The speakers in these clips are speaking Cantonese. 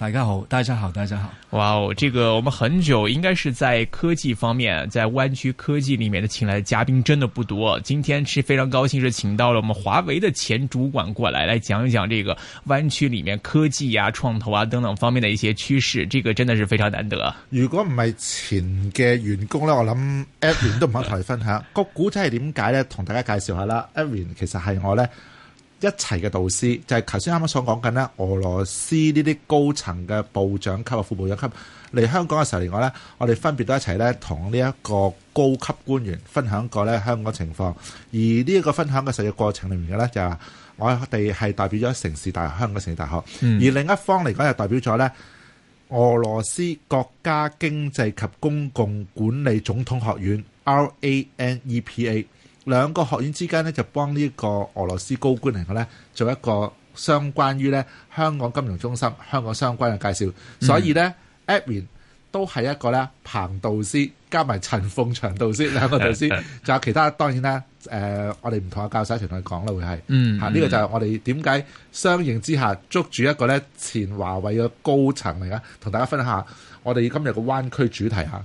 大家好，大家好，大家好！哇哦，這個我們很久應該是在科技方面，在灣區科技裡面的請來的嘉賓真的不多，今天是非常高興是請到了我們華爲的前主管過來來講一講這個灣區裡面科技啊、創投啊等等方面的一些趨勢，這個真的是非常難得。如果唔係前嘅員工呢，我諗 Evan 都唔肯同你分享。 個古仔係點解呢？同大家介紹下啦 Evan 其實係我呢。一齊嘅導師就係頭先啱啱所講緊咧，俄羅斯呢啲高層嘅部長級啊副部長級嚟香港嘅時候嚟講咧，我哋分別都一齊咧同呢一個高級官員分享過咧香港情況。而呢一個分享嘅實嘅過程裏面嘅咧就係、是、我哋係代表咗城市大學香港城市大學，嗯、而另一方嚟講又代表咗咧俄羅斯國家經濟及公共管理總統學院 （RANEPA）。RAN EPA, 兩個學院之間咧就幫呢個俄羅斯高官嚟嘅咧做一個相關於咧香港金融中心香港相關嘅介紹，所以咧、嗯、a p p i n 都係一個咧彭導師加埋陳鳳祥導師兩個導師，就 有其他當然啦，誒、呃，我哋唔同阿教授團隊講啦會係吓呢個就係我哋點解相應之下捉住一個咧前華為嘅高層嚟嘅，同大家分享下我哋今日嘅灣區主題嚇。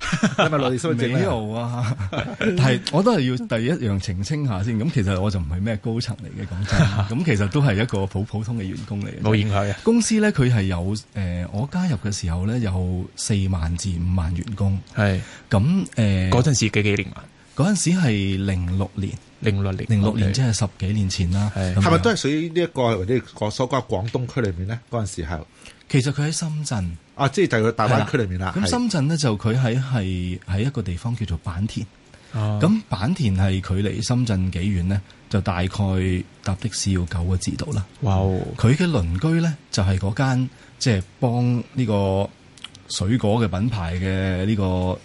係咪內需整啊？但係， 我都係要第一樣澄清下先。咁其實我就唔係咩高層嚟嘅，咁咁其實都係一個普普通嘅員工嚟。嘅，冇影響啊公司咧，佢係有誒、呃，我加入嘅時候咧有四萬至五萬員工。係咁誒、嗰、呃、陣時幾幾年啊？嗰陣時係零六年，零六年，零六年、okay。即係十幾年前啦。係咪都係屬於呢、這、一個或者所講廣東區裏面呢？嗰陣時候，其實佢喺深圳啊，即係就喺大灣區裏面啦。咁深圳呢，就佢喺喺一個地方叫做坂田。咁、哦、坂田係距離深圳幾遠呢？就大概搭的士要九個字度啦。哇、哦！佢嘅鄰居咧就係嗰間即係幫呢個水果嘅品牌嘅呢、這個。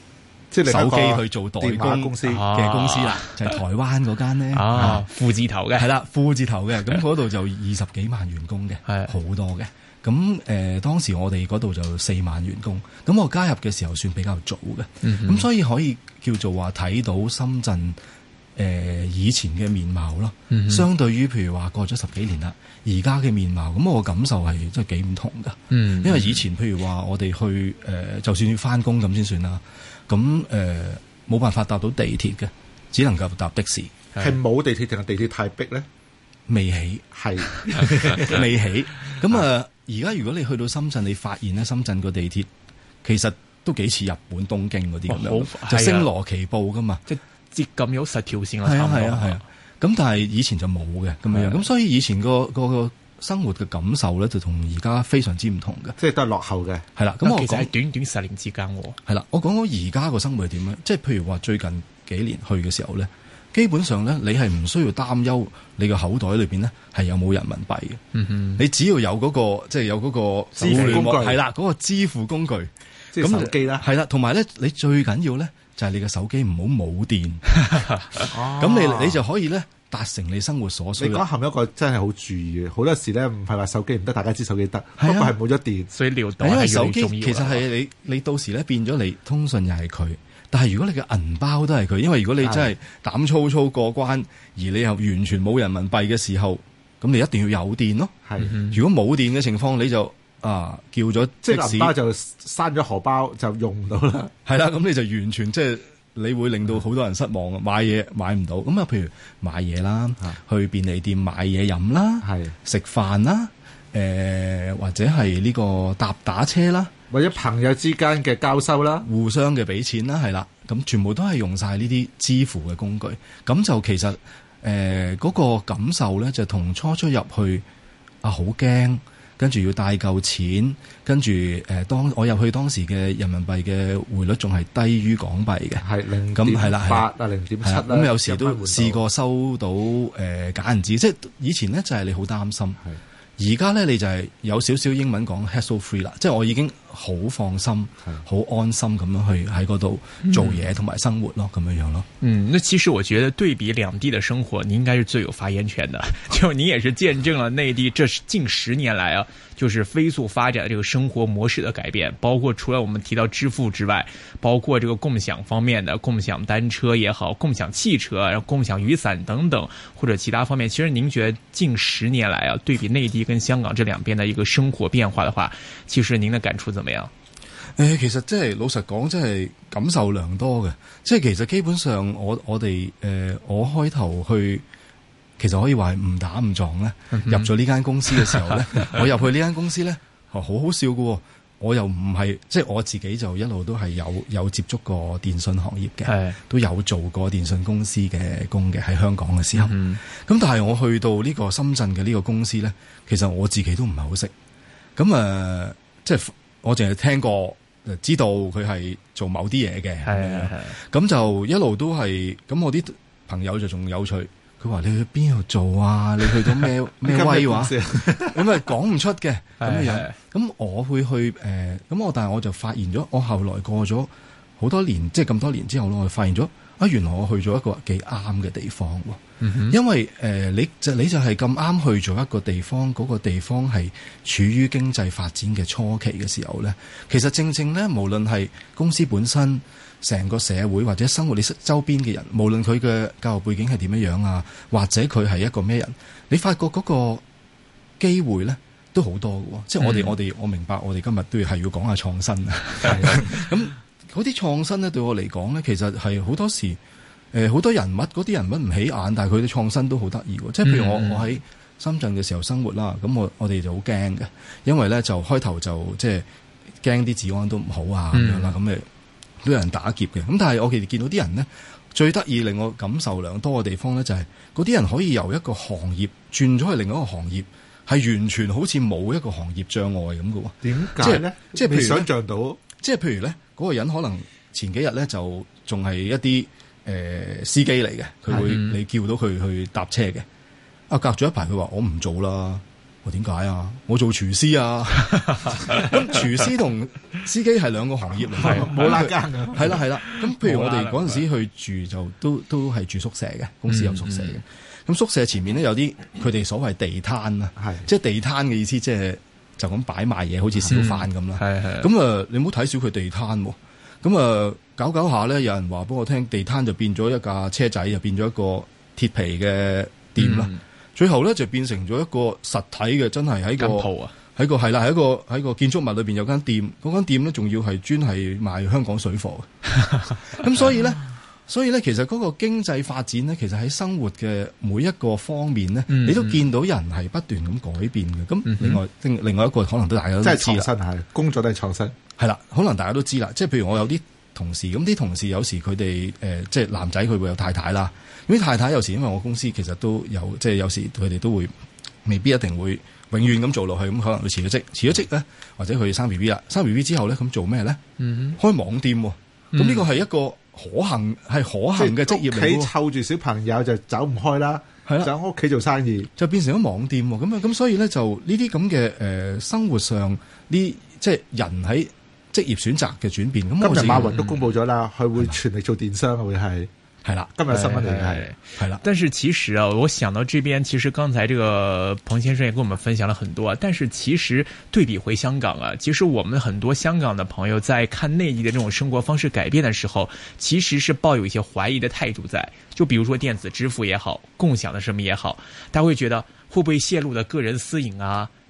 即係手機去做代工公司嘅公司啦，就係、是、台灣嗰間咧，富字頭嘅係啦，富字頭嘅。咁嗰度就二十幾萬員工嘅，係好多嘅。咁誒、呃，當時我哋嗰度就四萬員工，咁我加入嘅時候算比較早嘅，咁、嗯、所以可以叫做話睇到深圳誒、呃、以前嘅面貌咯。嗯、相對於譬如話過咗十幾年啦，而家嘅面貌，咁我感受係真係幾唔同噶、嗯。因為以前譬如話我哋去誒、呃，就算翻工咁先算啦。咁誒，冇辦法搭到地鐵嘅，只能夠搭的士。係冇地鐵定係地鐵太逼咧？未起，係未 起。咁啊，而 家如果你去到深圳，你發現咧，深圳個地鐵其實都幾似日本東京嗰啲咁樣，就星羅棋布噶嘛，即、就、係、係、接近有十條線啦。係啊係啊係啊，咁啊，但係以前就冇嘅咁樣，咁所以以前、嗰個個個生活嘅感受咧，就同而家非常之唔同嘅，即係都係落後嘅。係啦，咁其實係短短十年之間喎。係啦，我講講而家個生活係點樣？即係譬如話最近幾年去嘅時候咧，基本上咧，你係唔需要擔憂你個口袋裏面咧係有冇人民幣嘅。嗯哼，你只要有嗰、那個即係、就是、有嗰支付工具，係啦，嗰、那個支付工具，即係手機啦。係啦，同埋咧，你最緊要咧就係、是、你嘅手機唔好冇電。咁、 啊、你你就可以咧。達成你生活所需。你講含一個真係好注意嘅，好多時咧唔係話手機唔得，大家知手機得、啊，不過係冇咗電。所以料到你因為手機其實係你，你到時咧變咗你通訊又係佢。但係如果你嘅銀包都係佢，因為如果你真係膽粗粗過關，而你又完全冇人民幣嘅時候，咁你一定要有電咯。如果冇電嘅情況，你就啊叫咗即包就閂咗荷包就用到啦。係啦，咁你就完全即係。就是你會令到好多人失望嘅，買嘢買唔到咁啊。譬如買嘢啦，去便利店買嘢飲啦，食飯啦，誒、呃、或者係呢個搭打車啦，或者朋友之間嘅交收啦，互相嘅俾錢啦，係啦，咁全部都係用晒呢啲支付嘅工具。咁就其實誒嗰、呃那個感受咧，就同初初入去啊，好驚。跟住要帶夠錢，跟住誒當我入去當時嘅人民幣嘅匯率仲係低於港幣嘅，係零點八啊零點七咁，有時都試過收到誒、呃、假銀紙，即係以前咧就係你好擔心，而家咧你就係有少少英文講 hassle free 啦，即係我已經。好放心，好安心咁樣去喺嗰度做嘢同埋生活咯，咁、嗯、樣樣咯。嗯，那其實我覺得對比兩地的生活，你應該是最有發言權的。就你也是見證了內地這近十年來啊，就是飛速發展的這個生活模式的改變，包括除了我們提到支付之外，包括這個共享方面的共享單車也好，共享汽車、然後共享雨傘等等，或者其他方面，其實您覺得近十年來啊，對比內地跟香港這兩邊的一個生活變化的話，其實您的感觸怎麼？冇啊！誒，其實即、就、係、是、老實講，即係感受良多嘅。即係其實基本上我，我我哋誒，我開頭去，其實可以話係誤打誤撞咧。Mm -hmm. 入咗呢間公司嘅時候咧， 我入去呢間公司咧，好 好笑嘅。我又唔係即係我自己，就一路都係有有接觸過電信行業嘅， 都有做過電信公司嘅工嘅。喺香港嘅時候，咁、mm -hmm. 但係我去到呢個深圳嘅呢個公司咧，其實我自己都唔係好識。咁誒、呃，即係。我淨係聽過，知道佢係做某啲嘢嘅。係啊係啊，咁就一路都係咁。我啲朋友就仲有趣，佢話你去邊度做啊？你去到咩咩威話？咁 啊講唔 出嘅咁樣。咁我會去誒咁、呃、我，但係我就發現咗。我後來過咗好多年，即係咁多年之後咯，我發現咗啊，原來我去咗一個幾啱嘅地方。因為誒、呃，你就你就係咁啱去咗一個地方，嗰個地方係處於經濟發展嘅初期嘅時候咧，其實正正咧，無論係公司本身、成個社會或者生活你周邊嘅人，無論佢嘅教育背景係點樣樣啊，或者佢係一個咩人，你發覺嗰個機會咧都好多喎。即係我哋我哋我明白，我哋今日都要係要講下創新。咁嗰啲創新咧，對我嚟講咧，其實係好多時。誒好多人物，嗰啲人物唔起眼，但係佢啲創新都好得意喎。即係譬如我我喺深圳嘅時候生活啦，咁、嗯、我我哋就好驚嘅，因為咧就開頭就即係驚啲治安都唔好啊咁、嗯、樣啦，咁誒都有人打劫嘅。咁但係我其實見到啲人咧，最得意令我感受良多嘅地方咧、就是，就係嗰啲人可以由一個行業轉咗去另一個行業，係完全好似冇一個行業障礙咁嘅喎。點解咧？即係譬如你想象到，即係譬如咧，嗰、那個人可能前幾日咧就仲係一啲。誒、呃，司機嚟嘅，佢會你叫到佢去搭車嘅。啊、嗯，隔咗一排佢話我唔做啦。我點解啊？我做廚師啊。咁 廚 師同司機係兩個行業嚟，冇拉更，係，係啦，係啦。咁、嗯、譬如我哋嗰陣時去住就都都係住宿舍嘅，公司有宿舍嘅。咁、嗯、宿舍前面咧有啲佢哋所謂地攤啊，係、嗯、即係地攤嘅意思、就是，即係就咁擺賣嘢，好似小販咁啦。係、嗯、係。咁啊，你唔好睇小佢地攤，咁啊。呃搞搞下咧，有人話俾我聽，地攤就變咗一架車仔，又變咗一個鐵皮嘅店啦、嗯。最後咧就變成咗一個實體嘅，真係喺個鋪啊，喺個係啦，喺個喺個建築物裏邊有間店，嗰間店咧仲要係專係賣香港水貨咁 所以咧，所以咧，其實嗰個經濟發展咧，其實喺生活嘅每一個方面咧、嗯，你都見到人係不斷咁改變嘅。咁另外、嗯、另外一個可能大家都都係有，即係創新係工作都係創新係啦。可能大家都知啦，即係譬如我有啲。同事咁啲同事有時佢哋、呃、即係男仔佢會有太太啦，咁啲太太有時因為我公司其實都有即係有時佢哋都會未必一定會永遠咁做落去，咁可能會辭咗職，辭咗職咧或者佢生 B B 啦，生 B B 之後咧咁做咩咧、嗯？開網店、喔，咁、嗯、呢個係一個可行係可行嘅職業嚟。喺湊住小朋友就走唔開啦，喺屋企做生意就變成咗網店、喔，咁啊咁所以咧就呢啲咁嘅生活上呢即係人喺。職業選擇嘅轉變，咁今日馬雲都公布咗啦，佢會全力做電商，嗯、會係係啦。今日新聞係係啦。但是其實啊，我想到這邊，其實剛才這個彭先生也跟我們分享了很多。但是其實對比回香港啊，其實我們很多香港嘅朋友在看內地嘅這種生活方式改變嘅時候，其實是抱有一些懷疑嘅態度在。就比如說電子支付也好，共享嘅什麼也好，大家會覺得會不會泄露的個人私隱啊？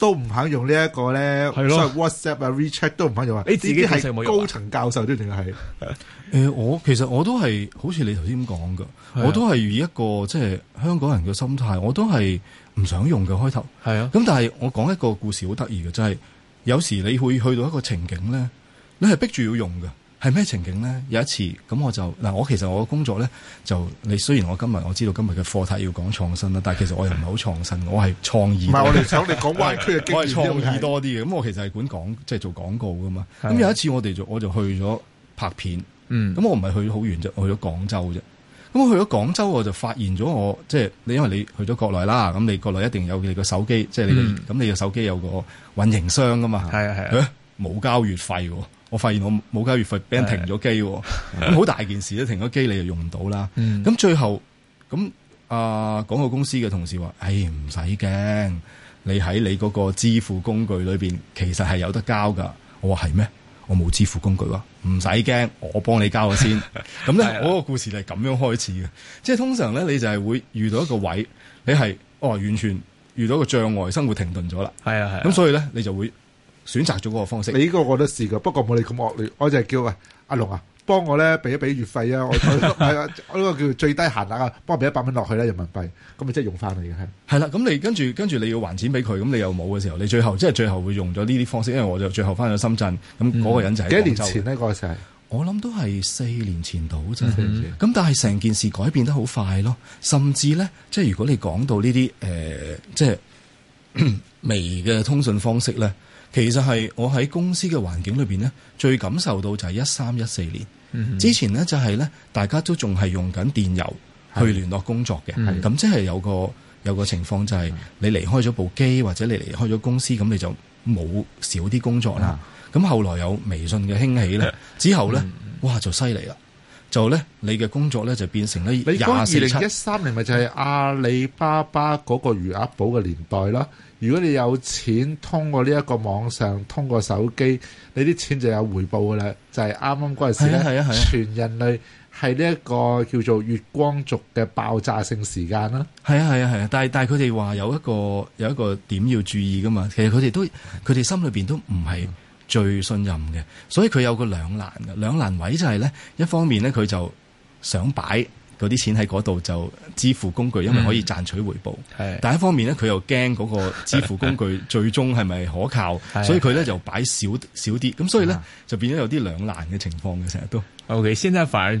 都唔肯用這呢一個咧，所以 WhatsApp 啊、WeChat 都唔肯用啊。你自己係高層教授都定係？誒、啊 呃，我其實我都係好似你頭先咁講噶，我都係以一個即係香港人嘅心態，我都係唔想用嘅開頭。係啊，咁但係我講一個故事好得意嘅，就係、是、有時你會去到一個情景咧，你係逼住要用嘅。係咩情景咧？有一次，咁我就嗱，我其實我嘅工作咧就，你雖然我今日我知道今日嘅課題要講創新啦，但係其實我又唔係好創新，我係創意多。唔 係我哋想你講係激 創意多啲嘅。咁 我其實係管講，即係做廣告噶嘛。咁有一次我哋就我就去咗拍片，咁我唔係去咗好遠啫，去咗廣州啫。咁我去咗廣州，我就發現咗我即係你，因為你去咗國內啦，咁你國內一定有你個手機，即係你咁你個手機有個運營商噶嘛。係啊係啊，冇交月費喎。我發現我冇交月費，俾人停咗機，咁好大件事咧，停咗機你又用唔到啦。咁、嗯、最後咁啊，廣告公司嘅同事話：哎，唔使驚，你喺你嗰個支付工具裏邊，其實係有得交噶。我話係咩？我冇支付工具啊，唔使驚，我幫你交咗先。咁 咧，我個故事就係咁樣開始嘅。即係通常咧，你就係會遇到一個位，你係哦完全遇到一個障礙，生活停頓咗啦。係啊係。咁所以咧，你就會。選擇咗嗰個方式，你呢個我都試過，不過冇你咁惡劣，我就係叫啊阿龍啊，幫我咧俾一俾月費啊，我係啊，呢 個叫做最低限額啊，幫我俾一百蚊落去咧，人民幣，咁咪即係用翻嚟嘅係。係啦，咁你跟住跟住你要還錢俾佢，咁你又冇嘅時候，你最後即係、就是、最後會用咗呢啲方式，因為我就最後翻咗深圳，咁、那、嗰個人就係幾、嗯、年前呢、那個時候我諗都係四年前到啫，咁、嗯嗯、但係成件事改變得好快咯，甚至呢，即係如果你講到呢啲誒，即係 微嘅通訊方式咧。其實係我喺公司嘅環境裏面呢，最感受到就係一三一四年，mm -hmm. 之前呢，就係呢大家都仲係用緊電郵去聯絡工作嘅。咁即係有個有個情況就係你離開咗部機或者你離開咗公司，咁你就冇少啲工作啦。咁、mm -hmm. 後來有微信嘅興起咧，mm -hmm. 之後呢，哇就犀利啦！就咧，你嘅工作咧就變成咧廿四七。你講二零一三年咪就係阿里巴巴嗰個餘額寶嘅年代啦。如果你有錢通過呢一個網上，通過手機，你啲錢就有回報噶啦。就係啱啱嗰陣時咧，係啊係啊係啊，全人類係呢一個叫做月光族嘅爆炸性時間啦。係啊係啊係啊！但係但係佢哋話有一個有一個點要注意噶嘛。其實佢哋都佢哋心裏面都唔係。嗯最信任嘅，所以佢有個兩難嘅兩難位就係咧，一方面咧佢就想擺嗰啲錢喺嗰度就支付工具，因為可以賺取回報。係、嗯，但係一方面咧佢又驚嗰個支付工具最終係咪可靠，所以佢咧就擺少少啲。咁所以咧就變咗有啲兩難嘅情況嘅成日都。OK，現在反而。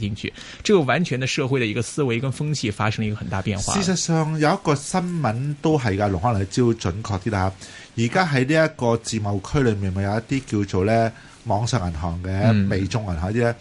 進去，這個完全嘅社會嘅一個思維跟風氣發生了一個很大變化。事實上有一個新聞都係噶，龍可能要招準確啲啦。而家喺呢一個自貿區裏面，咪有一啲叫做咧網上銀行嘅微、嗯、眾銀行啲咧，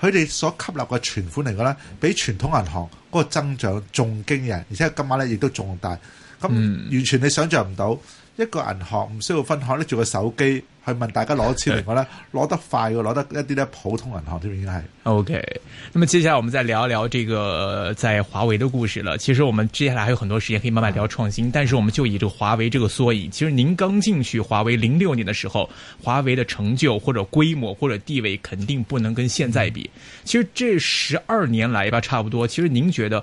佢哋所吸納嘅存款嚟講咧，比傳統銀行嗰個增長仲驚人，而且金額咧亦都仲大。咁完全你想象唔到，一個銀行唔需要分行，拎住個手機。去問大家攞錢嚟講咧，攞 得快要攞得一啲咧，普通銀行呢個應該係。OK，那麼接下來我們再聊一聊這個在華為的故事了，其實我們接下來還有很多時間可以慢慢聊創新、嗯，但是我們就以這個華為這個縮影。其實您剛進去華為零六年的時候，華為的成就或者規模或者地位肯定不能跟現在比。其實這十二年來吧，差不多。其實您覺得？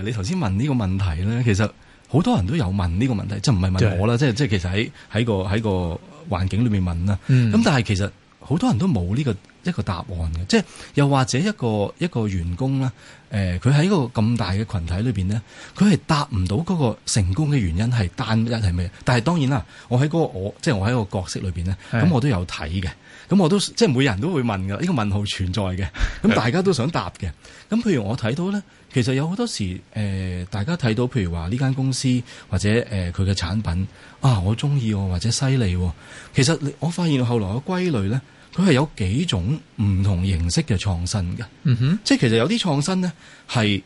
你頭先問呢個問題咧，其實好多人都有問呢個問題，即係唔係問我啦，就是，即係即係其實喺喺個喺個環境裏面問啦。咁、嗯、但係其實好多人都冇呢，這個一個答案嘅，即係又或者一個一個員工咧，誒、呃，佢喺個咁大嘅群體裏邊咧，佢係答唔到嗰個成功嘅原因係單一係咩？但係當然啦，我喺嗰個我即係，就是、我喺個角色裏邊咧，咁我都有睇嘅。咁我都即係每人都會問噶呢個問號存在嘅，咁大家都想答嘅。咁譬如我睇到咧，其實有好多時，誒、呃，大家睇到譬如話呢間公司或者誒佢嘅產品啊，我中意喎或者犀利喎。其實我發現後來嘅歸類咧，佢係有幾種唔同形式嘅創新嘅。嗯哼，即係其實有啲創新咧係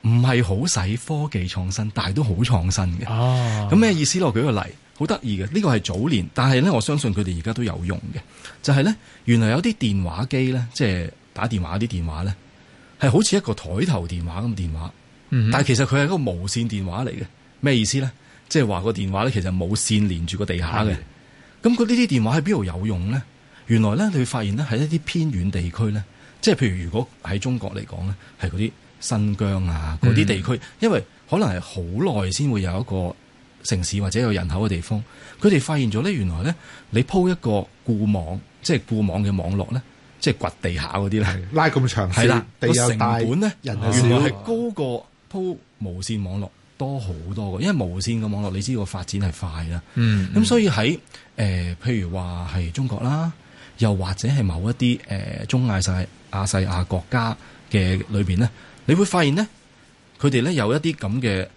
唔係好使科技創新，但係都好創新嘅。哦，咁咩意思？我舉個例。好得意嘅，呢個係早年，但係咧，我相信佢哋而家都有用嘅。就係咧，原來有啲電話機咧，即係打電話啲電話咧，係好似一個枱頭電話咁電話。嗯、但係其實佢係一個無線電話嚟嘅。咩意思咧？即係話個電話咧，其實冇線連住個地下嘅。咁佢呢啲電話喺邊度有用咧？原來咧，你會發現咧，喺一啲偏遠地區咧，即係譬如如果喺中國嚟講咧，係嗰啲新疆啊嗰啲地區、嗯，因為可能係好耐先會有一個。城市或者有人口嘅地方，佢哋發現咗咧，原來咧，你鋪一個固網，即係固網嘅網絡咧，即係掘地下嗰啲咧，拉咁長線，個成本咧，人原來係高過鋪無線網絡多好多㗎，因為無線嘅網絡你知個發展係快啦。嗯，咁所以喺誒、呃，譬如話係中國啦，又或者係某一啲誒、呃、中亞細亞細亞國家嘅裏邊咧，你會發現咧，佢哋咧有一啲咁嘅。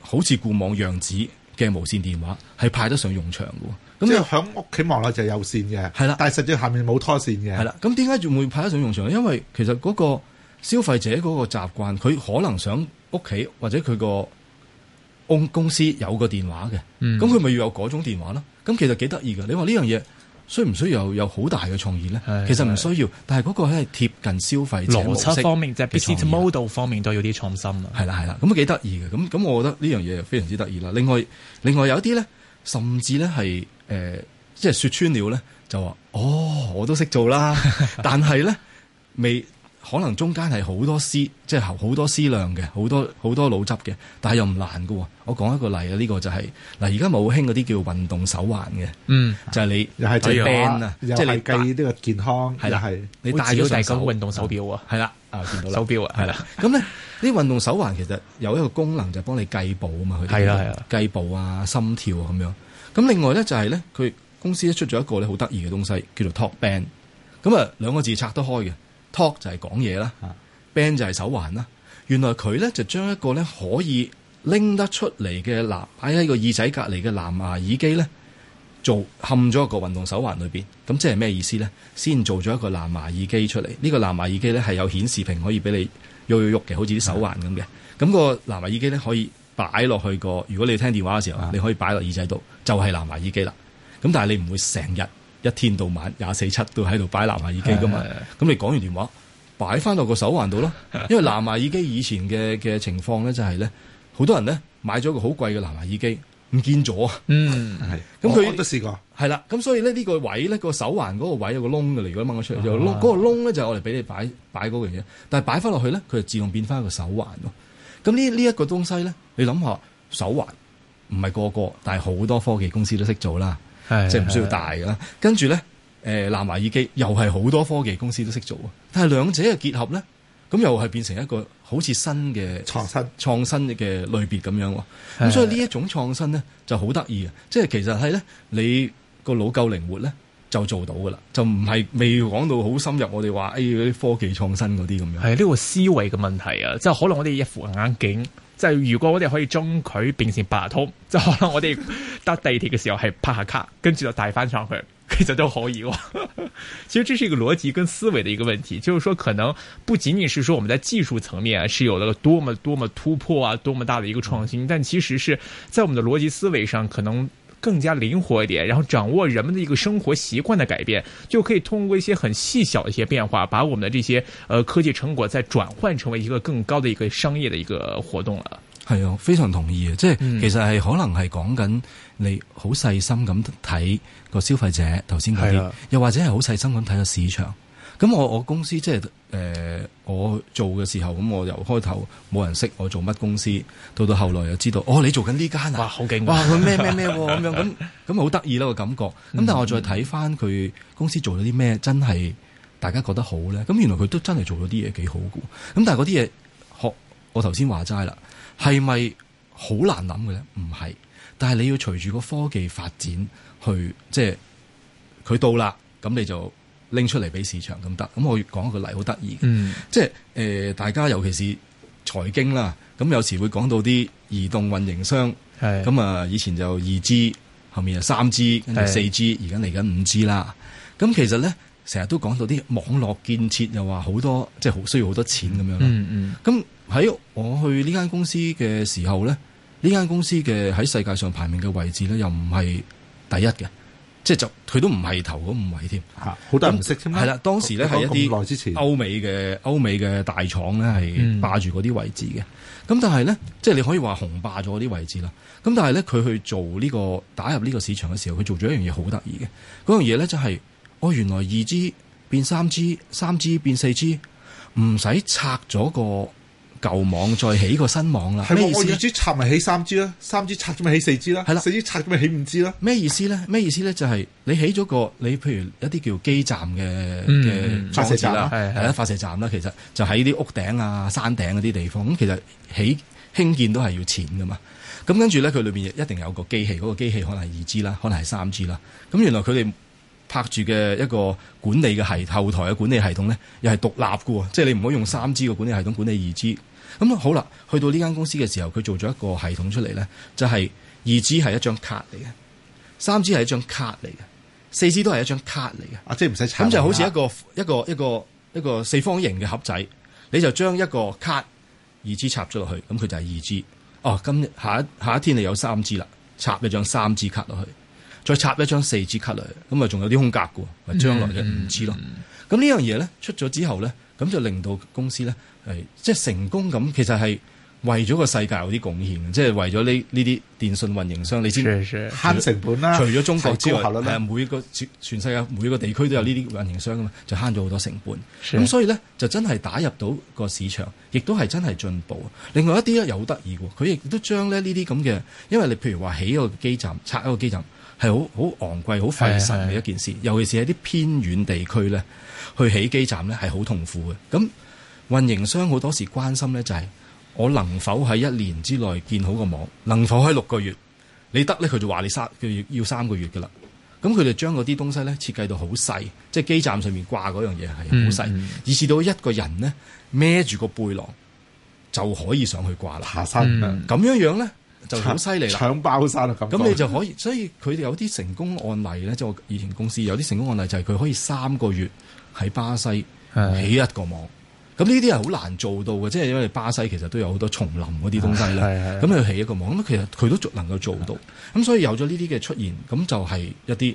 好似固網樣子嘅無線電話，係派得上用場喎。咁你響屋企望落就係有線嘅，係啦。但係實際下面冇拖線嘅，係啦。咁點解仲會派得上用場呢？因為其實嗰個消費者嗰個習慣，佢可能想屋企或者佢個公司有個電話嘅。咁佢咪要有嗰種電話咯？咁其實幾得意㗎。你話呢樣嘢，需唔需要有好大嘅創意咧？其實唔需要，但係嗰個係貼近消費邏輯方面，即係 business model 方面都要啲創新啦，係啦，係啦，咁都幾得意嘅。咁咁，我覺得呢樣嘢非常之得意啦。另外，另外有啲咧，甚至咧係、呃、即係說穿了咧，就話：哦，我都識做啦，但係咧未。 可能中間係好多思，即係好多思量嘅，好多好多腦汁嘅，但係又唔難㗎喎。我講一個例啊，呢、這個就係、是、嗱，而家冇興嗰啲叫運動手環嘅，嗯，就係、是、你又係這樣，即係你計呢個健康係啦係。你戴咗就係個運動手錶啊，係啦，啊見到手錶啊，係啦。咁咧呢運動手環其實有一個功能就係幫你計步啊嘛，佢係啊係啊計步啊心跳啊咁樣。咁另外咧就係、是、咧，佢公司一出咗一個咧好得意嘅東西叫做 Top Band，咁啊兩個字都拆得開嘅。Talk 就係講嘢啦，Band 就係手環啦。原來佢咧就將一個咧可以拎得出嚟嘅藍，擺喺個耳仔隔離嘅藍牙耳機咧，做嵌咗一個運動手環裏面。咁即係咩意思咧？先做咗一個藍牙耳機出嚟。呢個藍牙耳機咧係有顯示屏可以俾你喐喐喐嘅，好似啲手環咁嘅。咁個藍牙耳機咧可以擺落去個，如果你聽電話嘅時候，你可以擺落耳仔度，就係藍牙耳機啦。咁但係你唔會成日，一天到晚廿四七都喺度擺藍牙耳機㗎嘛？咁你講完電話，擺翻落個手環度咯。因為藍牙耳機以前嘅嘅情況咧、就是，就係咧，好多人咧買咗個好貴嘅藍牙耳機，唔見咗啊！嗯，係。咁佢、哦、我都試過。係啦，咁所以咧呢個位咧個手環嗰個位有個窿嘅嚟，如果掹咗出嚟、哦那個、就窿。個窿咧就我哋俾你擺擺嗰樣嘢，但係擺翻落去咧，佢就自動變翻個手環咯。咁呢呢一個東西咧，你諗下手環唔係個個，但係好多科技公司都識做啦。即係唔需要大啦，跟住咧，誒藍牙耳機又係好多科技公司都識做啊！但係兩者嘅結合咧，咁又係變成一個好似新嘅創新創新嘅類別咁樣。咁所以呢一種創新咧就好得意呀，即係其實係咧，你個腦夠靈活咧就做到噶啦，就唔係未講到好深入我們說。我哋話誒嗰啲科技創新嗰啲咁樣。係呢、呢個思維嘅問題啊，即係可能我哋一副眼鏡。就如果我哋可以將佢變成八達通，就可能我哋搭地鐵嘅時候係拍下卡，跟住就帶翻上去，其實都可以。其實這是一個邏輯跟思維嘅一個問題，就是說可能不僅僅是說我們在技術層面是有了個多麼多麼突破啊，多麼大嘅一個創新，但其實是在我們嘅邏輯思維上可能。更加靈活一點，然後掌握人們的一個生活習慣的改變，就可以通過一些很細小的一些變化，把我們的這些，呃，科技成果再轉換成為一個更高的一個商業的一個活動了。係啊，非常同意啊，即係其實係、嗯、可能係講緊你好細心咁睇個消費者，頭先嗰啲，又或者係好細心咁睇個市場。咁我我公司即係誒，我做嘅時候咁，我由開頭冇人識我做乜公司，到到後來又知道，哦，你做緊呢間啊，哇，好勁！哇，佢咩咩咩咁樣咁，咁好得意囉個感覺。咁但係我再睇翻佢公司做咗啲咩，真係大家覺得好咧。咁原來佢都真係做咗啲嘢幾好嘅。咁但係嗰啲嘢，我我頭先話齋啦，係咪好難諗嘅咧？唔係，但係你要隨住個科技發展去，即係佢到啦，咁你就。拎出嚟俾市場咁得，咁我講一個例好得意嘅，即係、嗯就是呃、大家尤其是財經啦，咁有時會講到啲移動運營商，咁啊以前就二 G，後面就三 G，跟住四 G，而家嚟緊五 G 啦。咁其實咧，成日都講到啲網絡建設又話好多，即係好需要好多錢咁樣啦。咁、嗯、喺、嗯、我去呢間公司嘅時候咧，呢間公司嘅喺世界上排名嘅位置咧，又唔係第一嘅。即係就佢都唔係頭嗰五位添，吓好多人唔識添啊！係啦、啊，當時咧係一啲歐美嘅歐美嘅大廠咧係霸住嗰啲位置嘅，咁、嗯、但係咧即係你可以話紅霸咗啲位置啦。咁但係咧佢去做呢、呢個打入呢個市場嘅時候，佢做咗一樣嘢好得意嘅。嗰樣嘢咧就係、是、我、哦、原來 2G 變 3G，3G 變 4G，唔使拆咗個。舊網再起個新網啦，咩？二 G 拆咪起三 G 啦，三 G 拆咗咪起四 G 啦，係啦，四 G 拆咁咪起五 G 啦。咩意思咧？咩 意思咧？就係、是、你起咗個你，譬如一啲叫基站嘅嘅發射站啦，係、嗯、啦，發射站啦，其實就喺啲屋頂啊、山頂嗰啲地方。咁其實起興建都係要錢噶嘛。咁跟住咧，佢裏邊一定有一個機器，嗰、那個機器可能係二 G 啦，可能係三 G 啦。咁原來佢哋拍住嘅一個管理嘅係後台嘅管理系統咧，又係獨立嘅，即係你唔好用三 G 嘅管理系統管理二 G。咁、嗯、好啦，去到呢間公司嘅時候，佢做咗一個系統出嚟咧，就係 2G 係一張卡嚟嘅，3G 係一張卡嚟嘅，4G 都係一張卡嚟嘅。啊，即係唔使插咁就好似一個一,一個一個一個，一個四方形嘅盒仔，你就將一個卡 2G 插咗落去，咁佢就係 2G。哦，今日下一下一天你有 3G 啦，插一張 3G 卡落去，再插一張 4G 卡落去，咁啊仲有啲空格嘅，咪將來嘅 5G 咯。咁、嗯、呢樣嘢咧出咗之後咧，咁就令到公司咧。係即係成功咁，其實係為咗個世界有啲貢獻，即係為咗呢呢啲電信運營商，你知慳成本啦、啊。除咗中國之外，每個全世界每個地區都有呢啲運營商噶嘛，就慳咗好多成本。咁所以呢，就真係打入到個市場，亦都係真係進步。另外一啲咧又好得意喎，佢亦都將咧呢啲咁嘅，因為你譬如話起個基站，拆一個基站，係好好昂貴、好費神嘅一件事，是是尤其是喺啲偏遠地區呢，去起基站呢，係好痛苦嘅。咁運營商好多時關心咧，就係、是、我能否喺一年之內建好個網，能否喺六個月？你得咧，佢就話你三要要三個月㗎啦。咁佢就將嗰啲東西咧設計到好細，即係基站上面掛嗰樣嘢係好細，嗯、以至到一個人呢孭住個背囊就可以上去掛啦。爬山咁樣樣咧就好犀利啦！搶包山啊！咁咁你就可以，所以佢哋有啲成功案例咧，即係、嗯、我以前公司有啲成功案例就係、是、佢可以三個月喺巴西起一個網。咁呢啲係好難做到嘅，即係因為巴西其實都有好多叢林嗰啲東西啦。咁佢起一個網，咁其實佢都能夠做到。咁所以有咗呢啲嘅出現，咁就係、是、一啲。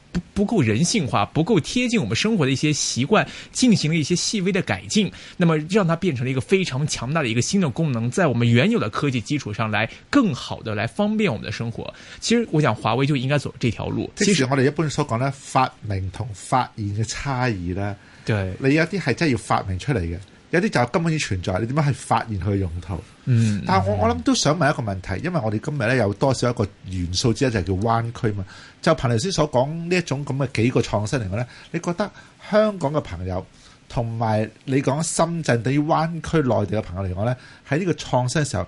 不不夠人性化，不夠貼近我們生活的一些習慣，進行了一些細微的改進，那麼讓它變成了一個非常強大的一個新的功能，在我們原有的科技基礎上來更好的來方便我們的生活。其實我想，華為就應該走這條路。其實我哋一般所講咧，發明同發現嘅差異咧，對，你有啲係真係要發明出嚟嘅。有啲就根本已存在，你點樣去發現佢嘅用途？嗯，但係我我諗都想問一個問題，因為我哋今日咧有多少一個元素之一就係叫灣區嘛？就彭頭先所講呢一種咁嘅幾個創新嚟講咧，你覺得香港嘅朋友同埋你講深圳對於灣區內地嘅朋友嚟講咧，喺呢個創新嘅時候，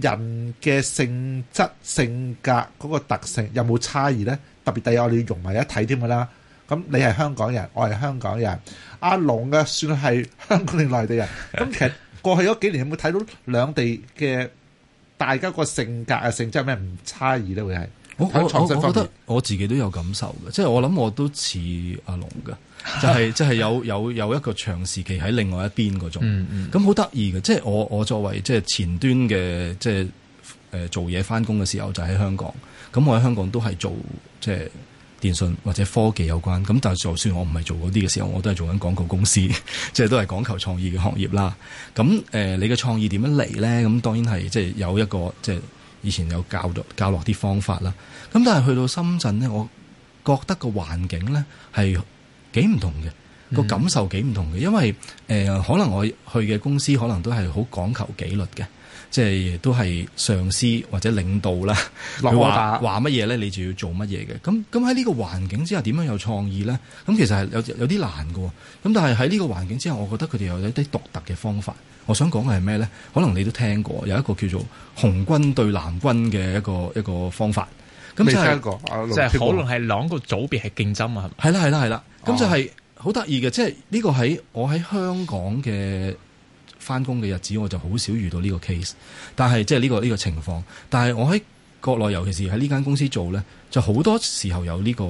人嘅性質性格嗰個特性有冇差異咧？特別第二，我哋要融埋一體添㗎啦。咁你係香港人，我係香港人，阿龍嘅、啊、算係香港定內地人？咁其實過去咗幾年有冇睇到兩地嘅大家個性格啊、性質有咩唔差異咧？會係我我，創新方面？我覺得我自己都有感受嘅，即係我諗我都似阿龍㗎，就係即係有有有一個長時期喺另外一邊嗰種。咁好得意嘅，即係我我作為即係前端嘅即係誒做嘢翻工嘅時候就喺香港。咁我喺香港都係做即係。就是電信或者科技有關，咁但係就算我唔係做嗰啲嘅時候，我都係做緊廣告公司，即係都係講求創意嘅行業啦。咁誒，你嘅創意點樣嚟呢？咁當然係即係有一個即係以前有教落教落啲方法啦。咁但係去到深圳呢，我覺得個環境呢係幾唔同嘅，個、嗯、感受幾唔同嘅，因為誒、呃、可能我去嘅公司可能都係好講求紀律嘅。即係都係上司或者領導啦，佢話乜嘢咧，你就要做乜嘢嘅。咁咁喺呢個環境之下，點樣有創意咧？咁其實有有啲難嘅。咁但係喺呢個環境之下，我覺得佢哋有一啲獨特嘅方法。我想講嘅係咩咧？可能你都聽過有一個叫做紅軍對藍軍嘅一個一個方法。咁即係、未聽過。即係、啊、係、即係、可能係兩個組別係競爭啊。係啦係啦係啦。咁就係好得意嘅，即係呢、呢個喺我喺香港嘅。翻工嘅日子，我就好少遇到呢個 case 但、這個這個。但係即係呢個呢個情況，但係我喺國內尤其是喺呢間公司做咧，就好多時候有呢個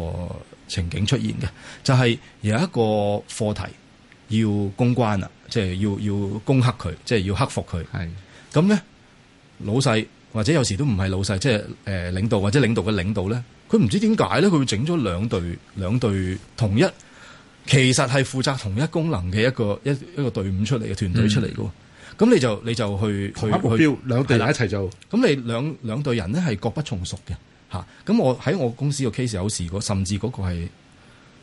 情景出現嘅，就係、是、有一個課題要攻關啊，即係要要攻克佢，即係要克服佢。係咁咧，老細或者有時都唔係老細，即係誒領導或者領導嘅領導咧，佢唔知點解咧，佢會整咗兩隊兩隊同一。其實係負責同一功能嘅一個一一個隊伍出嚟嘅團隊出嚟嘅，咁、嗯、你就你就去目標去去兩隊人一齊做，咁你兩兩隊人呢係各不從屬嘅，吓，咁我喺我公司個 case 有時嗰甚至嗰個係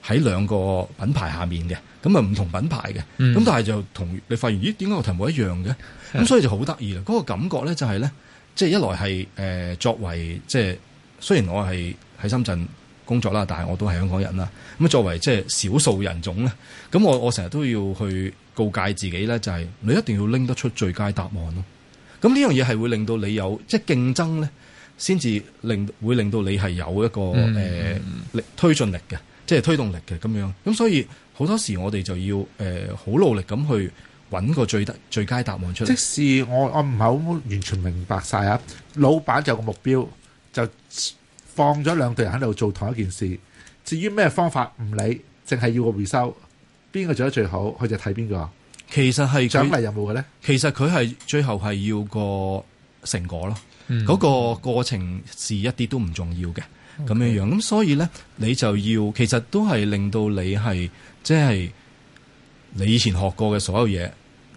喺兩個品牌下面嘅，咁啊唔同品牌嘅，咁、嗯、但係就同你發現咦，點解個題目一樣嘅？咁所以就好得意啦，嗰、那個感覺咧就係、是、咧，即、就、係、是、一來係誒作為即係，就是、雖然我係喺深圳。工作啦，但係我都係香港人啦。咁作為即係少數人種咧，咁我我成日都要去告誡自己咧，就係、是、你一定要拎得出最佳答案咯。咁呢樣嘢係會令到你有即係競爭咧，先至令會令到你係有一個誒、嗯呃、力推進力嘅，即係推動力嘅咁樣。咁所以好多時我哋就要誒好、呃、努力咁去揾個最得最佳答案出嚟。即使我我唔係好完全明白晒啊，老闆有個目標就。放咗兩隊人喺度做同一件事，至於咩方法唔理，淨係要個 result，邊個做得最好，佢就睇邊個。其實係獎勵任務嘅咧。其實佢係最後係要個成果咯，嗰、嗯那個過程是一啲都唔重要嘅咁樣樣。咁所以咧，你就要其實都係令到你係即係你以前學過嘅所有嘢。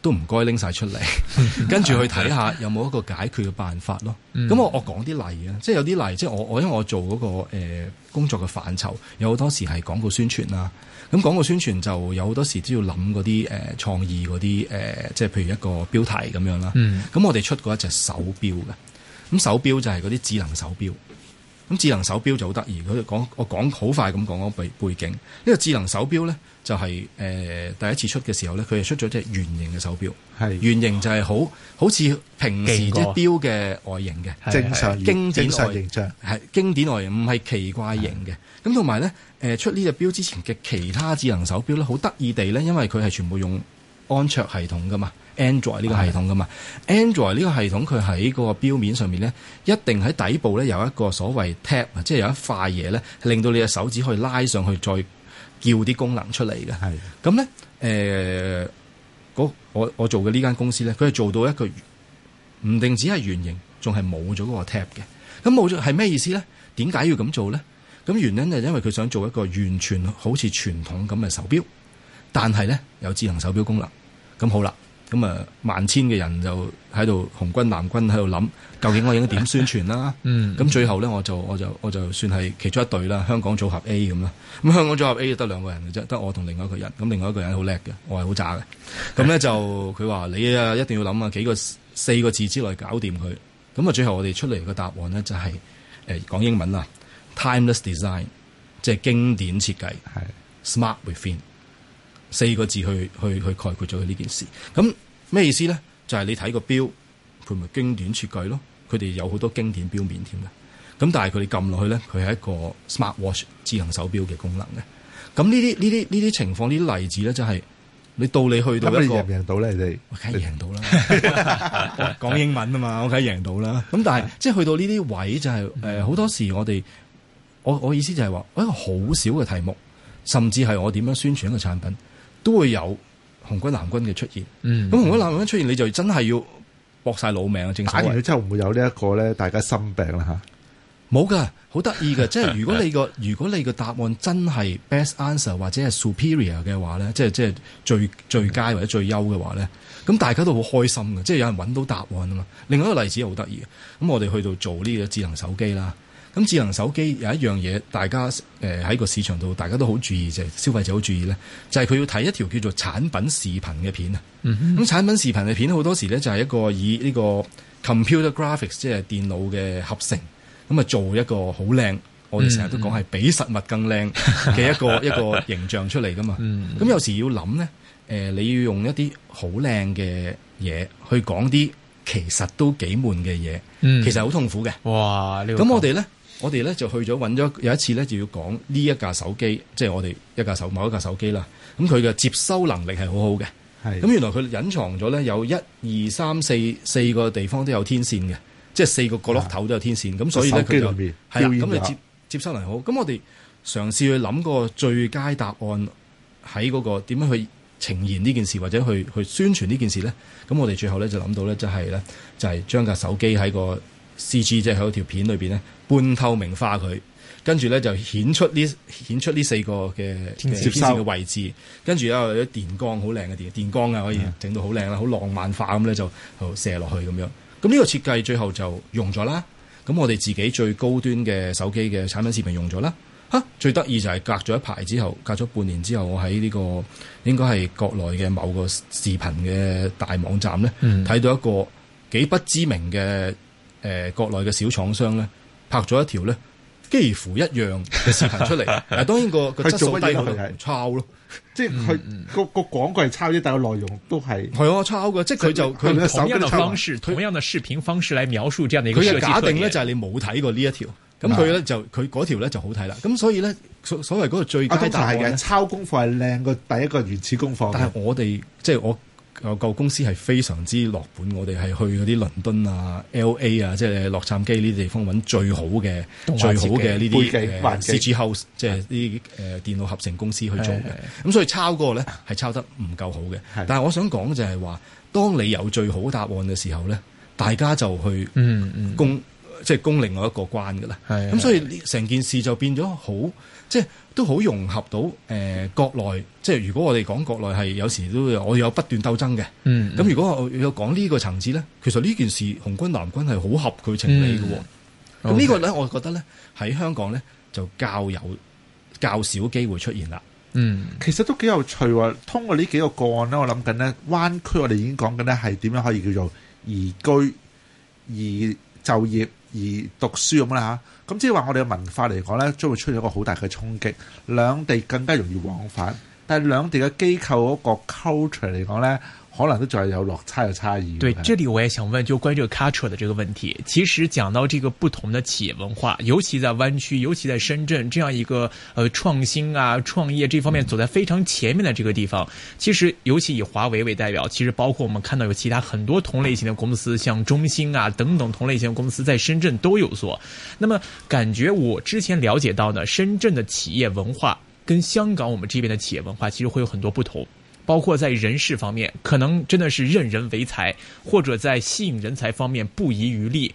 都唔該拎晒出嚟，跟住去睇下有冇一個解決嘅辦法咯。咁 我我講啲例啊，即係有啲例，即係我我因為我做嗰個工作嘅範疇，有好多時係廣告宣傳啦。咁廣告宣傳就有好多時都要諗嗰啲誒創意嗰啲誒，即係譬如一個標題咁樣啦。咁 我哋出過一隻手錶嘅，咁手錶就係嗰啲智能手錶。咁智能手錶就好得意，佢講我講好快咁講個背背景。呢、這個智能手錶咧就係、是、誒、呃、第一次出嘅時候咧，佢係出咗隻圓形嘅手錶，圓形就係好好似平時隻錶嘅外形嘅，正常經典外形，係經典外形，唔係奇怪形嘅。咁同埋咧誒出呢隻錶之前嘅其他智能手錶咧，好得意地咧，因為佢係全部用。安卓系統噶嘛，Android 呢個系統噶嘛，Android 呢個系統佢喺嗰個表面上面咧，一定喺底部咧有一個所謂 tap，即係有一塊嘢咧，令到你嘅手指可以拉上去再叫啲功能出嚟嘅。係咁咧，誒、呃，我我做嘅呢間公司咧，佢係做到一個唔定只係圓形，仲係冇咗嗰個 tap 嘅。咁冇咗係咩意思咧？點解要咁做咧？咁原因就係因為佢想做一個完全好似傳統咁嘅手錶。但係咧，有智能手錶功能，咁好啦。咁啊，萬千嘅人就喺度紅軍藍軍喺度諗，究竟我應該點宣傳啦、啊？咁、 嗯、最後咧，我就我就我就算係其中一隊啦，香港組合 A 咁啦。咁香港組合 A 得兩個人嘅啫，得我同另外一個人。咁另外一個人好叻嘅，我係好渣嘅。咁咧 就佢話你啊，一定要諗啊，幾個四個字之內搞掂佢。咁啊，最後我哋出嚟個答案咧就係誒講英文啦，Timeless Design 即係經典設計，Smart Within。四個字去去去概括咗佢呢件事，咁咩意思咧？就係、是、你睇個表，佢咪經典設計咯？佢哋有好多經典標面添嘅。咁但係佢哋撳落去咧，佢係一個 smart watch 智能手表嘅功能嘅。咁呢啲呢啲呢啲情況，呢啲例子咧、就是，就係你到你去到一個贏到咧，你梗係贏到啦！講 英文啊嘛，我梗贏到啦。咁但係 即係去到呢啲位，就係誒好多時我哋我我意思就係話，我一個好少嘅題目，甚至係我點樣宣傳一個產品。都會有紅軍、藍軍嘅出現。嗯，咁紅軍、藍軍出現，你就真係要搏晒老命啊！打完之後唔會有呢一個咧，大家心病啦吓。冇噶，好得意噶。 即係如果你個如果你個答案真係 best answer 或者係 superior 嘅話咧，即係即係最最佳或者最優嘅話咧，咁大家都好開心嘅。即係有人揾到答案啊嘛。另外一個例子好得意。咁我哋去到做呢個智能手機啦。咁智能手機有一樣嘢，大家誒喺個市場度，大家都好注，注意，就係消費者好注意咧，就係佢要睇一條叫做產品視頻嘅片啊。咁、嗯、產品視頻嘅片好多時咧，就係一個以呢個 computer graphics 即係電腦嘅合成，咁啊做一個好靚，我哋成日都講係比實物更靚嘅一個、嗯、一個 一個形象出嚟噶嘛。咁、嗯、有時要諗咧，誒、呃、你要用一啲好靚嘅嘢去講啲其實都幾悶嘅嘢，其實好痛苦嘅。哇！咁我哋咧。 我哋咧就去咗揾咗有一次咧，就要講呢一架手機，即係我哋一架手某一架手機啦。咁佢嘅接收能力係好好嘅。咁，原來佢隱藏咗咧有一二三四四個地方都有天線嘅，即係四個角落頭都有天線。咁所以咧，佢就係咁你接接收能力好。咁我哋嘗試去諗個最佳答案喺嗰個點樣去呈現呢件事，或者去去宣傳呢件事咧。咁我哋最後咧就諗到咧，就係咧就係將架手機喺個 C G 即係喺條片裏邊咧。半透明化佢，跟住咧就顯出呢顯出呢四個嘅攝像嘅位置，跟住又有電光好靚嘅電電光啊，可以整到好靚啦，好、嗯、浪漫化咁咧就射落去咁樣。咁呢個設計最後就用咗啦。咁我哋自己最高端嘅手機嘅產品視頻用咗啦。嚇、啊，最得意就係隔咗一排之後，隔咗半年之後我、呢個，我喺呢個應該係國內嘅某個視頻嘅大網站咧，睇、嗯、到一個幾不知名嘅誒、呃、國內嘅小廠商咧。拍咗一條咧，幾乎一樣嘅視頻出嚟。誒，當然，那個個質素低，佢係抄咯，就是嗯嗯嗯嗯，即係佢個個廣告係抄啲，但係內容都係係我抄嘅，即係佢就佢用同樣嘅方式，同樣嘅視頻方式嚟描述這樣的。即係你佢嘅假定咧，就係你冇睇過呢一條，咁佢咧就佢嗰條咧就好睇啦。咁所以咧所所謂嗰個最低答案咧，抄功課係靚過第一個原始功課。但係我哋即係我。那個舊公司係非常之落本，我哋係去嗰啲倫敦啊、LA 啊，即係洛杉磯呢啲地方揾最好嘅、最好嘅呢啲 CG House，即係啲誒電腦合成公司去做嘅。咁所以抄嗰個咧係抄得唔夠好嘅。但係我想講就係話，當你有最好的答案嘅時候咧，大家就去攻、嗯嗯，即係攻另外一個關噶啦。咁所以成件事就變咗好，即係都好融合到誒、呃、國內。即係如果我哋講國內係有時都會我有不斷鬥爭嘅，咁、嗯嗯、如果我有講呢個層次咧，其實呢件事紅軍藍軍係好合佢情理嘅。咁、嗯、呢、嗯、個咧，我覺得咧喺香港咧就較有較少機會出現啦。嗯，其實都幾有趣。話通過呢幾個個案咧，我諗緊咧灣區我哋已經講緊咧係點樣可以叫做移居、移就業、移讀書咁啦吓。咁即係話我哋嘅文化嚟講咧，將會出現一個好大嘅衝擊，兩地更加容易往返。但兩地嘅機構嗰個 culture 嚟講呢，可能都仲係有落差嘅差異。對，這裡我也想問，就關於這個 culture 的這個問題。其實講到這個不同的企業文化，尤其在灣區，尤其在深圳這樣一個，呃，創新啊、創業這方面走在非常前面的這個地方，嗯、其實尤其以華為為代表，其實包括我們看到有其他很多同類型的公司，像中興啊等等同類型的公司在深圳都有做。那麼，感覺我之前了解到呢，深圳的企業文化，跟香港我們這邊的企業文化其實會有很多不同，包括在人事方面，可能真的是任人唯才，或者在吸引人才方面不遺餘力。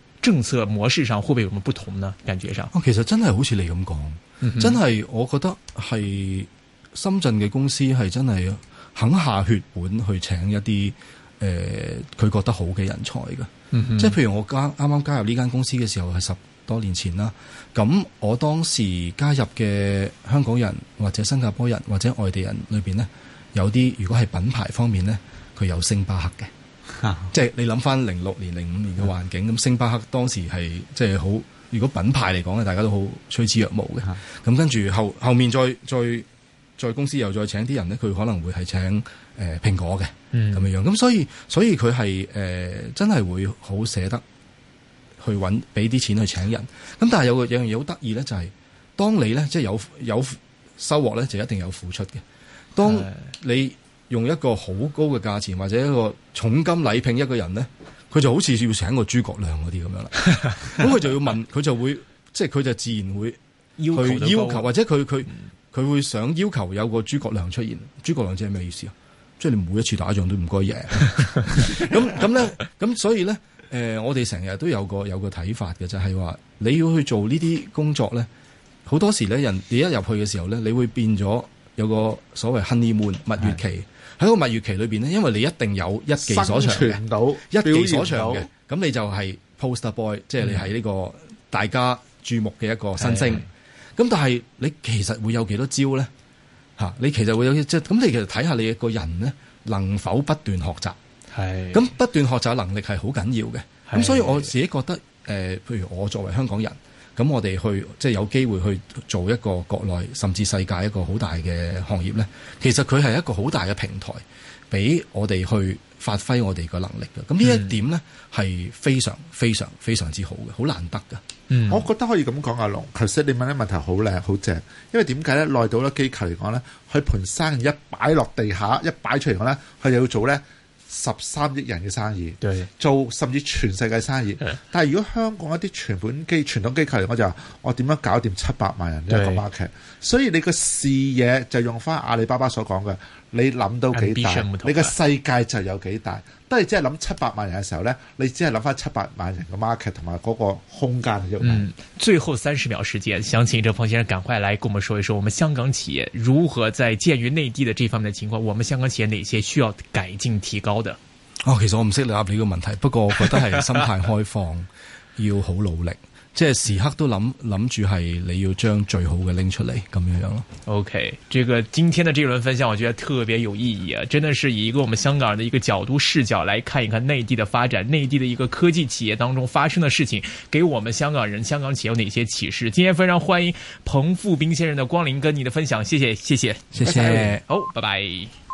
政策模式上，會唔會有什麼不同呢？感覺上，其實真係好似你咁講、嗯，真係我覺得係深圳嘅公司係真係肯下血本去請一啲誒，佢、呃、覺得好嘅人才噶。即、嗯、係譬如我加啱啱加入呢間公司嘅時候係十多年前啦，咁我當時加入嘅香港人或者新加坡人或者外地人裏邊呢，有啲如果係品牌方面呢，佢有星巴克嘅。即、啊、係、就是、你諗翻零六年、零五年嘅環境，咁、嗯、星巴克當時係即係好，如果品牌嚟講咧，大家都好趨之若鶩嘅。咁、啊、跟住後後面再再再公司又再請啲人咧，佢可能會係請誒呃、蘋果嘅，咁、嗯、樣樣。咁所以所以佢係誒真係會好捨得去搵俾啲錢去請人。咁但係有個有樣嘢好得意咧，就係當你咧即係有有收穫咧，就一定有付出嘅。當你。嗯你用一個好高嘅價錢，或者一個重金禮聘一個人咧，佢就好似要請個諸葛亮嗰啲咁樣啦。咁 佢就要問，佢就會即係佢就自然會要要求，或者佢佢佢會想要求有個諸葛亮出現。 諸葛亮即係咩意思啊？即係你每一次打仗都唔該贏。咁咁咧，咁所以咧，誒、呃，我哋成日都有個有個睇法嘅，就係話你要去做呢啲工作咧，好多時咧人你一入去嘅時候咧，你會變咗有個所謂 honeymoon」，蜜月期。 喺個蜜月期裏邊咧，因為你一定有一技所長嘅，一技所長嘅，咁你就係 poster boy，即、嗯、係你係呢個大家注目嘅一個新星。咁、嗯、但係你其實會有幾多招咧？吓，你其實會有即係咁，你其實睇下你一個人咧能否不斷學習。係，咁不斷學習能力係好緊要嘅。咁所以我自己覺得，誒、呃，譬如我作為香港人。咁我哋去即係有機會去做一個國內甚至世界一個好大嘅行業咧。其實佢係一個好大嘅平台，俾我哋去發揮我哋個能力嘅。咁呢一點咧係、嗯、非常非常非常之好嘅，好難得噶。嗯，我覺得可以咁講。阿龍，頭先你問啲問題好靚好正，因為點解咧？內地咧，機構嚟講咧，佢盤生意一擺落地下，一擺出嚟講咧，佢就要做咧。十三億人嘅生意，對，做甚至全世界生意，但係如果香港一啲全本機傳統機構嚟講，我就話我點樣搞掂七百萬人呢個 market？所以你個視野就用返阿里巴巴所講嘅。你諗到幾大？你嘅世界就有幾大。都係只係諗七百萬人嘅時候咧，你只係諗翻七百萬人嘅 market 同埋嗰個空間。嗯，最後三十秒時間，想請這方先生趕快來跟我們說一說，我們香港企業如何在鑒於內地的這方面的情況，我們香港企業哪些需要改進提高的？哦，其實我唔識答你個問題，不過我覺得係心態開放，要好努力。 即係時刻都諗諗住係你要將最好嘅拎出嚟，咁樣樣咯。OK，這個今天的這一輪分享，我覺得特別有意義啊！真的是以一個我們香港人的一個角度視角來看一看內地的發展，內地的一個科技企業當中發生的事情，給我們香港人、香港企業有哪些啟示？今天非常歡迎彭賦斌先生的光臨跟你的分享，謝謝，謝謝，謝謝，哦，拜拜。